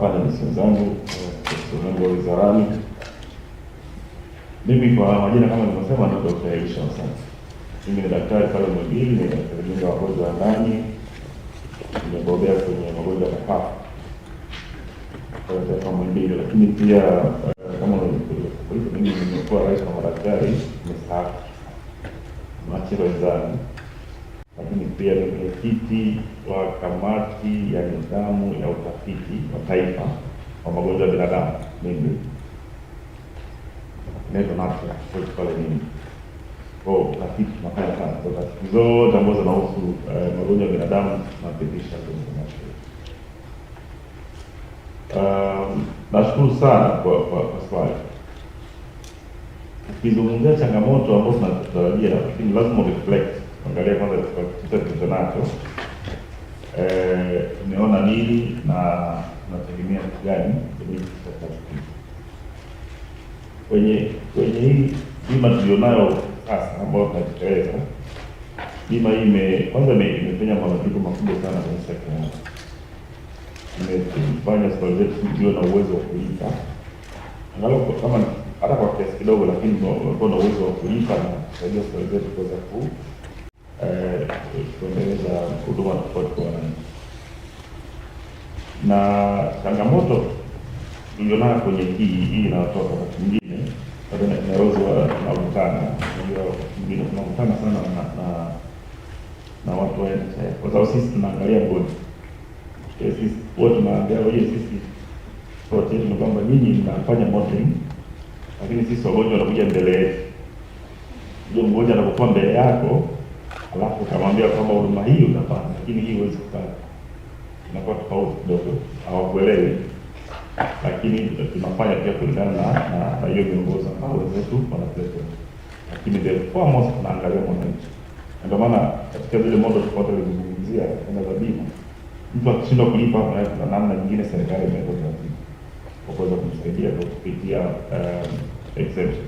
hapa na nesi zangu zangu eh, wa wizarani. Mimi kwa majina kama nilivyosema, ni Dr. Aisha Msasa. Mimi ni daktari pale Muhimbili, ni daktari wa magonjwa ya ndani, nimebobea kwenye magonjwa ya mapafu kwa Muhimbili, lakini pia eh, kama mimi nimekuwa rais wa madaktari mstaafu Machiro Izani, lakini pia ni mwenyekiti kwa kamati ya nidhamu ya utafiti wa taifa wa magonjwa ya binadamu NIMR, NETONATRA pale NIMR. Kwa utafiti tunafanya sana, tafiti zote ambazo zinahusu eh, magonjwa ya binadamu tunapitisha kwenye kamati. Um, nashukuru sana kwa kwa kwa swali. Ukizungumzia changamoto ambazo tunatarajia, lakini lazima reflect angalia kwanza kitu tulichonacho tumeona eh, e, nini na tunategemea kitu gani kwenye kwenye hii bima tulionayo sasa ambayo tunajiteleza. Bima hii kwanza imefanya mabadiliko makubwa sana kwenye sekta yangu, imefanya hospitali zetu ziwe na uwezo wa kulipa angalau kama hata kwa kiasi kidogo, lakini unakuwa na uwezo wa kulipa na kusaidia hospitali zetu kuweza kuendeleza huduma tofauti kwa wananchi. Na changamoto tulionayo kwenye hii hii inayotoka wakati mwingine inaweza tunavutana, unajua mwingine tunavutana sana na, na, na watu wa NHIF kwa sababu sisi tunaangalia bodi sisi wote wenyewe, oh, sisi sote ni kwamba nyinyi mnafanya modeling, lakini sisi wagonjwa wanakuja mbele yetu. Ndio mgonjwa anapokuwa mbele yako alafu utamwambia kwamba huduma hii utapata, lakini hii huwezi kupata, inakuwa tofauti kidogo, hawakuelewi. Lakini tunafanya pia kulingana na hiyo viongozi ambao wenzetu wanatuletea, lakini the foremost tunaangalia mwananchi. Ndio maana katika zile modo tofauti tulizozungumzia kama za bima, mtu akishindwa kulipa, kuna namna nyingine serikali imeweka taratibu kwa kuweza kumsaidia kwa kupitia um, exemption.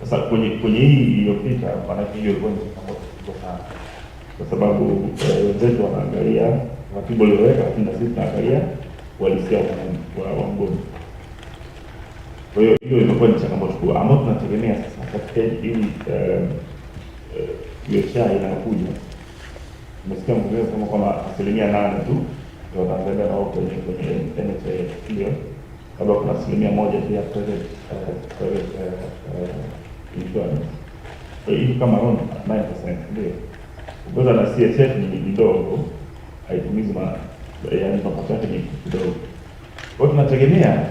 Sasa kwenye kwenye hii iliyopita, maanake hiyo ilikuwa kutokana, kwa sababu eh, wenzetu wanaangalia ratiba walioweka, lakini na sisi tunaangalia uhalisia wa mgonjwa. Kwa hiyo hiyo imekuwa ni changamoto kubwa ambayo tunategemea sasa katika hii eh, eh, biashara inayokuja. Umesikia mkurugenzi kama kwamba asilimia nane tu ndio Watanzania nao kwenye kwenye NHIF, hiyo labda kuna asilimia moja pia private insurance hii ni kama loan 9% ndio ngoza na CSF ni kidogo, haitumizi ma yaani kwa yake ni kidogo. Kwa tunategemea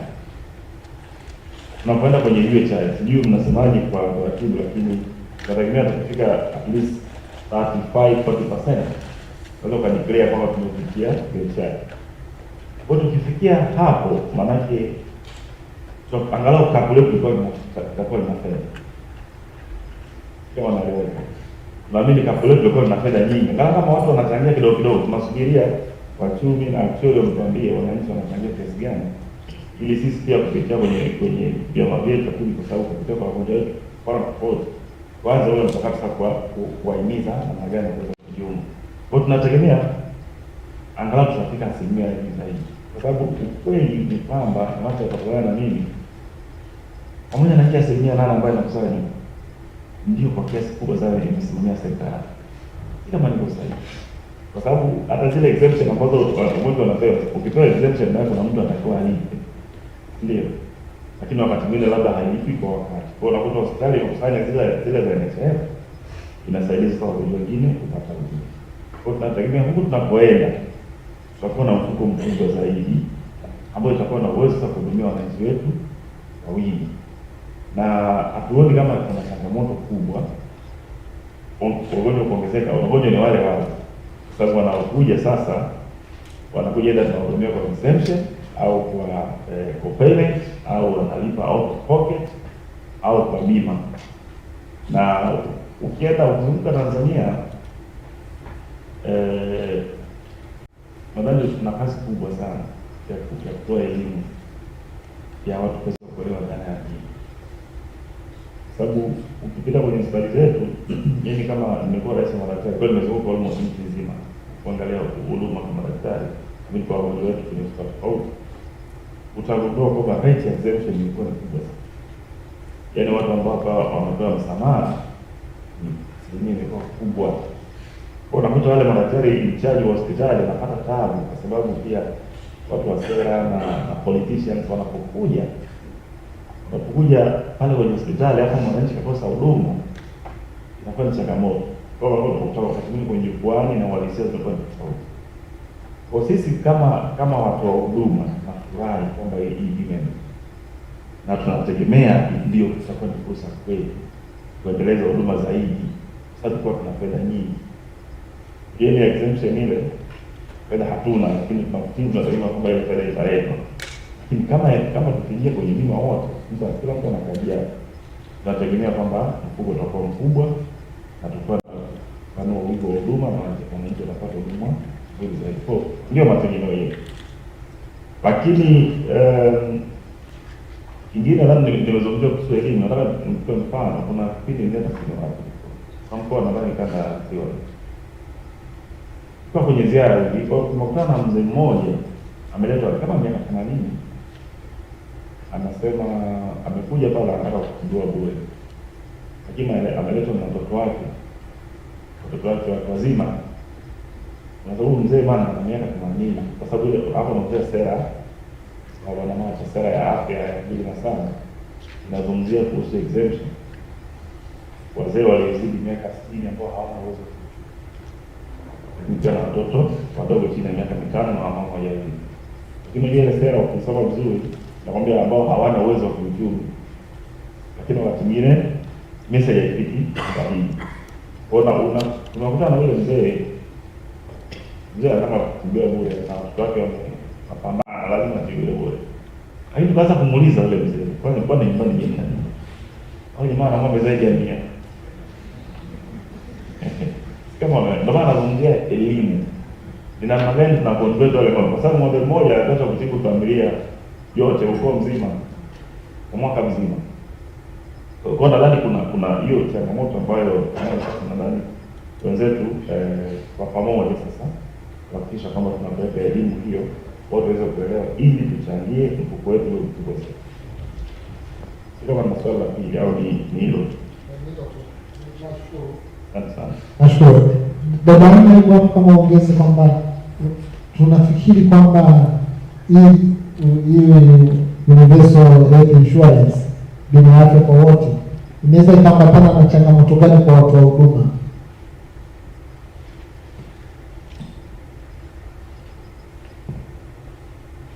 tunapoenda kwenye hiyo UHI, sijui mnasemaje kwa taratibu, lakini tunategemea tukifika at least 35 40%, unaweza ukadeclare kwamba tumefikia hiyo UHI. Kwa tukifikia hapo, maanake angalau calculate ilikuwa inafanya kama na roho. Naamini kafu letu likuwa lina fedha nyingi, ngana kama watu wanachangia kidogo kidogo, tunasubiria wachumi na aktuali wametuambia wananchi wanachangia kiasi gani, ili sisi pia kupitia kwenye kwenye vyama vyetu, lakini kwa sababu kupitia kwa wagonjwa wetu kwa tofauti, kwanza ule mchakato sasa kwa kuwahimiza namna gani kuweza kujiunga. Kwa tunategemea angalau tutafika asilimia hii zaidi, kwa sababu ukweli ni kwamba macho watakuwa na mimi pamoja na kiasi asilimia nane ambayo inakusanya ndio kwa kiasi kubwa sana imesimamia serikali ila malengo sahihi, kwa sababu hata zile exemption ambazo wengi wanapewa, ukipewa exemption na kuna mtu anatakiwa alipe, ndio lakini wakati mwingine labda hailipi kwa wakati, kwa unakuta hospitali inakusanya zile zile za NHIF inasaidia sasa wagonjwa wengine kupata huduma. Kwa hiyo tunategemea huku tunapoenda tutakuwa na mfuko mkubwa zaidi ambayo itakuwa na uwezo wa kuhudumia wananchi wetu kwa wingi na hatuoni kama kuna changamoto kubwa. Wagonjwa kuongezeka, wagonjwa ni wale wale, kwa sababu wanaokuja sasa wanakuja enda tunahudumia kwa exemption au kwa eh, copayment au wanalipa out of pocket au kwa bima. Na ukienda ukizunguka Tanzania eh, nadhani tuna kazi kubwa sana ya kutoa elimu ya watu Nikipita kwenye safari zetu, mimi kama nimekuwa rais wa madaktari, kwa nimezunguka almost nchi nzima kuangalia huduma kwa madaktari, mimi kwa wagonjwa wetu kwenye hospitali tofauti, utagundua kwamba rate ya exemption ilikuwa ni kubwa sana. Yaani watu ambao hapa wamepewa msamaha asilimia imekuwa kubwa. Kwa unakuta wale madaktari mchaji wa hospitali anapata tabu, kwa sababu pia watu wa sera na, na politicians wanapokuja unapokuja pale kwenye hospitali hapo mwananchi kakosa huduma inakuwa ni changamoto kwa sababu kutoka wakati mwingine kwenye jukwani na uhalisia zinakuwa ni tofauti. Kwa sisi kama kama watu wa huduma na furahi kwamba hii imeme na tunategemea ndio tutakuwa ni fursa kweli kuendeleza huduma zaidi, sababu kwa tuna fedha nyingi ile yaani exemption ile fedha hatuna, lakini tunafikiri tunasema kwamba ile fedha italetwa, lakini kama kama tukijia kwenye bima wote sasa kila mtu ana kazi yake. Tunategemea kwamba mfuko utakuwa mkubwa na tutakuwa kama wigo wa huduma na wananchi wanapata huduma nzuri zaidi. Kwa ndio mategemeo yetu. Lakini kingine labda nimezungumzia kuhusu elimu, nataka nikupe mfano. Kuna kipindi nilienda kusema wapi kwa mkoa, nadhani kanda ya Ziwa, kwa kwenye ziara hivi, kwa kumekutana na mzee mmoja ameletwa kama miaka themanini anasema amekuja pale anataka kukundua bure, lakini ameletwa na watoto wake, watoto wake watu wazima. Huyu mzee bwana ana miaka themanini, kwa sababu ile hapo anaongea sera na Bwana Macha, sera ya afya ya pili na sana inazungumzia kuhusu exemption, wazee waliozidi miaka sitini ambao hawana uwezo kuchukua na watoto wadogo chini ya miaka mitano na mama wajawazito. Lakini ile sera ukisoma vizuri nakwambia, ambao hawana uwezo wa kiuchumi, lakini wakati mwingine message haifiki sahihi. Ona una unakutana na yule mzee mzee anataka kukimbia bure na watoto wake wamepambana, lazima kimbie bure, lakini tukaanza kumuuliza yule mzee, kwani kwa nini mbona je? Au jamaa ana ng'ombe zaidi ya mia kama ndio maana nazungumzia elimu ni namna gani tunakontrol wale, kwa sababu ng'ombe mmoja anataka kutibu familia yote ukoo mzima kwa mwaka mzima. Kwa nadhani kuna kuna hiyo changamoto ambayo nadhani wenzetu eh, kwa pamoja sasa kuhakikisha kwamba tunapeleka elimu hiyo watu waweze kuelewa, ili tuchangie mfuko wetu uwe mkubwa zaidi. Sio kama swali la pili au ni ni hilo. Nashukuru dada, kama ongeze kwamba tunafikiri kwamba hii universal health insurance bima yake kwa wote inaweza ikapatana na changamoto gani kwa watu wa huduma?